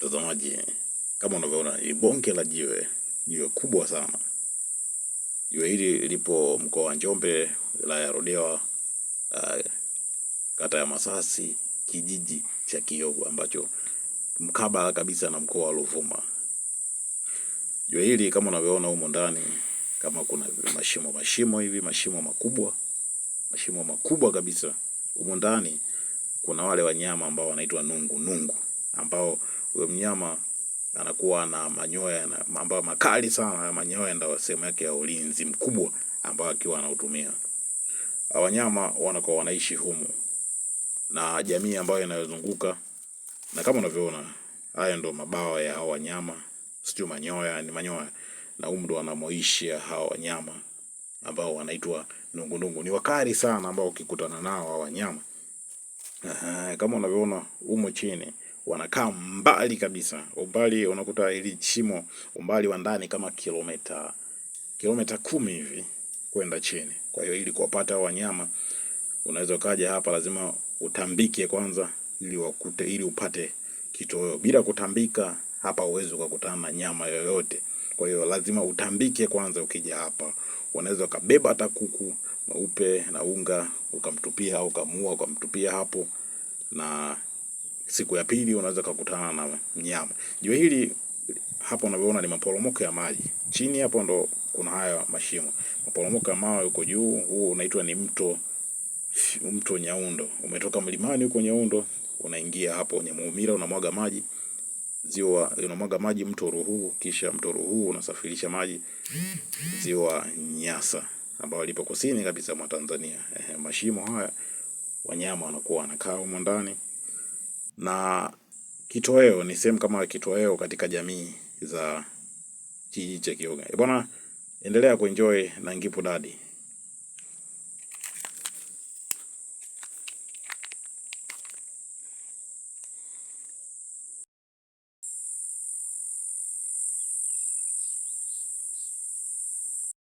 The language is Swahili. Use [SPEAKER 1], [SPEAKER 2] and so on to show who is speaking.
[SPEAKER 1] Mtazamaji, kama unavyoona ni bonge la jiwe, jiwe kubwa sana. Jiwe hili lipo mkoa wa Njombe, wilaya ya Ludewa, uh, eh, kata ya Masasi, kijiji cha Kiyogo ambacho mkabala kabisa na mkoa wa Ruvuma. Jiwe hili kama unavyoona humo ndani, kama kuna mashimo mashimo hivi, mashimo makubwa, mashimo makubwa kabisa. Humo ndani kuna wale wanyama ambao wanaitwa nungu nungu ambao huyo mnyama anakuwa na manyoya ambayo makali sana. Manyoya ndio sehemu yake ya ulinzi mkubwa ambao akiwa anautumia. Wanyama wanakuwa wanaishi humu na jamii ambayo inayozunguka, na kama unavyoona, haya ndio mabawa ya hao wanyama, sio manyoya, ni manyoya, na humu ndio wanamoishi hao wanyama ambao wanaitwa nungunungu. Ni wakali sana ambao ukikutana nao hao wanyama. Aha, kama unavyoona humo chini wanakaa mbali kabisa, umbali unakuta ili shimo umbali wa ndani kama kilomita kilomita kumi hivi kwenda chini. Kwa hiyo ili kuwapata wanyama unaweza ukaja hapa, lazima utambike kwanza ili wakute, ili upate kitoweo. Bila kutambika hapa uwezi ukakutana na nyama yoyote. Kwa hiyo lazima utambike kwanza. Ukija hapa unaweza ukabeba hata kuku mweupe na unga ukamtupia au ukamuua ukamtupia hapo na siku ya pili unaweza kukutana na mnyama. Jiwe hili hapo unavyoona ni maporomoko ya maji, chini hapo ndo kuna haya mashimo, maporomoko ya mawe huko juu. Huu unaitwa ni mto, mto Nyaundo, umetoka mlimani huko Nyaundo, unaingia hapo Nyamuhumira, unamwaga maji ziwa unamwaga maji mto Ruhuu, kisha mto Ruhuu unasafirisha maji ziwa Nyasa ambayo lipo kusini kabisa mwa Tanzania. Eh, mashimo haya wanyama wanakuwa wanakaa humo ndani na kitoweo ni sehemu kama kitoweo katika jamii za kijiji cha Kiunga. Bwana, endelea kuenjoy na Ngipu Dadi.